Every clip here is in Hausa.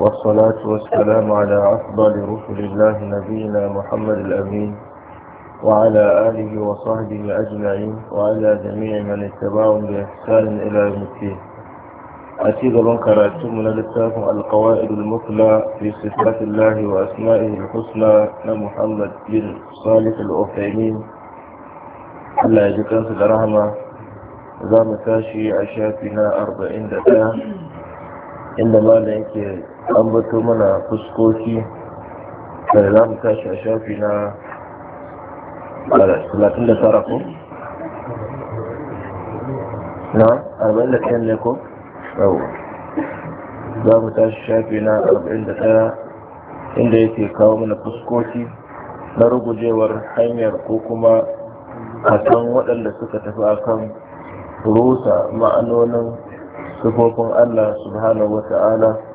والصلاة والسلام على أفضل رسل الله نبينا محمد الأمين وعلى آله وصحبه أجمعين وعلى جميع من اتبعهم بإحسان إلى يوم الدين أتيد من للتاف القواعد المثلى في صفات الله وأسمائه الحسنى لمحمد بن صالح الأوفيمين الله يجزيكم في الرحمة زام تاشي عشاتنا أربعين دقيقة إنما لا يمكن an bato mana fuskoki da za mu tashi a shafi na 39 ko? na 41 ne ko? yau za mu tashi shafi na 41 inda yake kawo mana fuskoki na rugujewar hanyar ko kuma kasan waɗanda suka tafi akan rusa ma'anonin sufofin Allah subhanahu wa ta'ala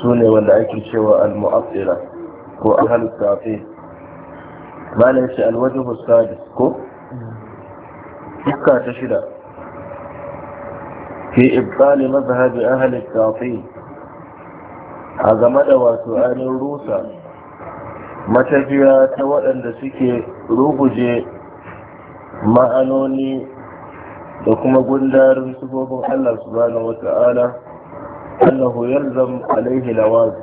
su ne wanda ake cewa al-mu'attila ko ahlus tafi malai shi alwajhu sadis ko fuska ta shida fi ibtali mazhab ahli tafi a game da wato ainihin rusa matafiya ta waɗanda suke ruguje ma'anoni da kuma gundarin sufofin Allah subhanahu wa ta'ala annahu yalzam alaihi lawazi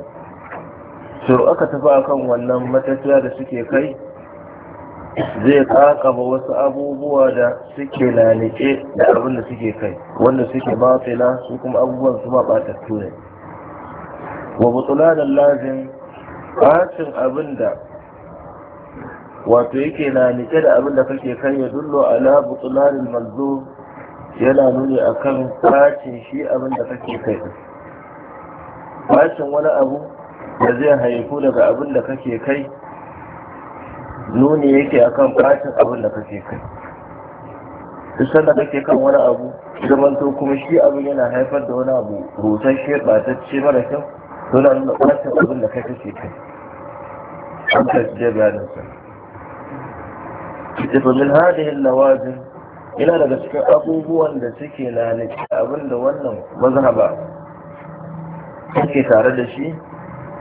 to aka tafi akan wannan matafiya da suke kai zai kakaba wasu abubuwa da suke lalike da abin da suke kai wanda suke batila su kuma abubuwan su ma batattu ne wa butulanan lazim bacin abin da wato yake lalike da abin da kake kai ya dullo ala butulanin manzo yana nuni akan kacin shi abin da kake kai bashin wani abu da zai haifu daga abin da kake kai nuni yake akan bashin abin da kake kai duk sanda kake kan wani abu to kuma shi abin yana haifar da wani abu shi, batacce mara kyau to na nuna bashin abin da kake kai an tasirya bayanin sa ita min hadihin lawazin yana daga cikin abubuwan da suke lalace abin da wannan mazhaba kake tare da shi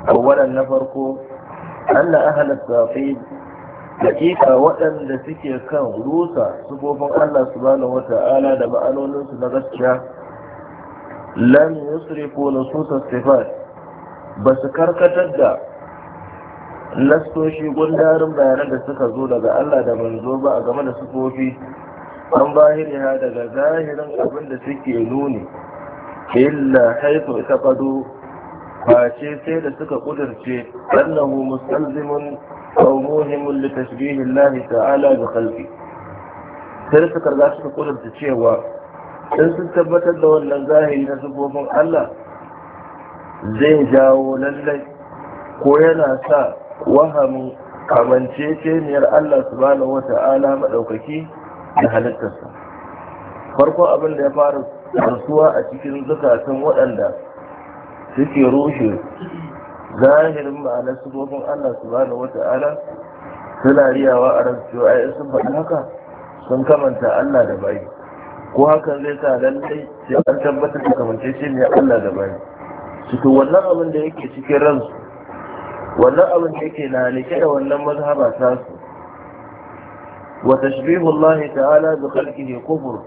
awwalan na farko anna ahla safi hakika waɗanda suke kan rusa Sifofin Allah subhanahu wata'ala da ma'anonin su na gaskiya lam yusrifu nusus sifat ba su karkatar da nastoshi gundarin bayanan da suka zo daga Allah da manzo ba a game da sufofi an bahiriya daga zahirin abin da suke nuni illa haifu ita face sai da suka kudurce annahu mustalzimun aw muhimun li tashbih Allah ta'ala bi khalqi sai suka riga suka kudurce cewa in sun tabbatar da wannan zahiri na sifofin Allah zai jawo lallai ko yana sa wahamin kamanceceniyar Allah subhanahu Ta'ala madaukaki da halittarsa farko abin da ya fara rasuwa a cikin zukatan waɗanda suke rushe zahirin ma'anar sufofin Allah subhanahu wata'ala suna riyawa a ran cewa ai sun faɗi haka sun kamanta Allah da bayi ko hakan zai sa dai sai an tabbatar da kamance shi ne Allah da bayi cikin wannan abin da yake cikin ransu wannan abin da yake na nike da wannan mazhaba ta su wa tashbihu Allah ta'ala bi khalqihi kufur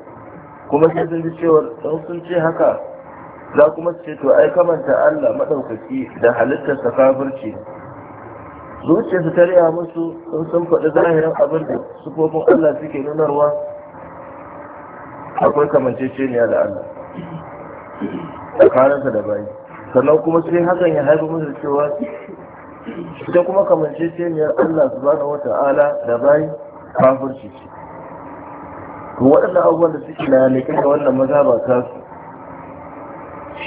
kuma sai sun ji cewa sun ce haka za kuma su ce to ai kamanta Allah madaukaki da halittar sa kafirci zuciya su tarya musu sun sun faɗi zahirin abin da sufofin Allah suke nunarwa akwai kamanceceniya da Allah sa da bayi sannan kuma sai hakan ya haifa musu cewa ita kuma kamanceceniyar Allah subhanahu wata'ala da bayi kafirci ce to waɗannan abubuwan da suke na da wannan maza ba ta su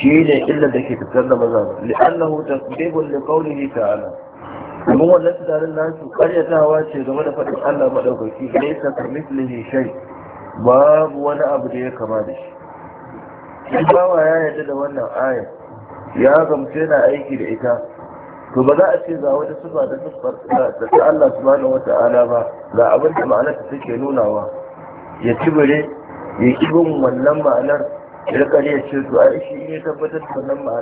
shi ne illar da ke fitar da maza ba li'annahu tasbihun li qawlihi ta'ala kuma wannan tunanin nasu karyatawa ce game da faɗin Allah madaukaki laysa ka mithlihi shay babu wani abu da ya kama da shi in bawa ya yarda da wannan ayar ya gamsu yana aiki da ita to ba za a ce ga wata sifa da siffar da ta Allah subhanahu ta'ala ba ga abin da ma'anar ta take nunawa ya cibire ya kibin wannan ma'anar ya rika ne ya ce to ai shi ne tabbatar da nan ma'ana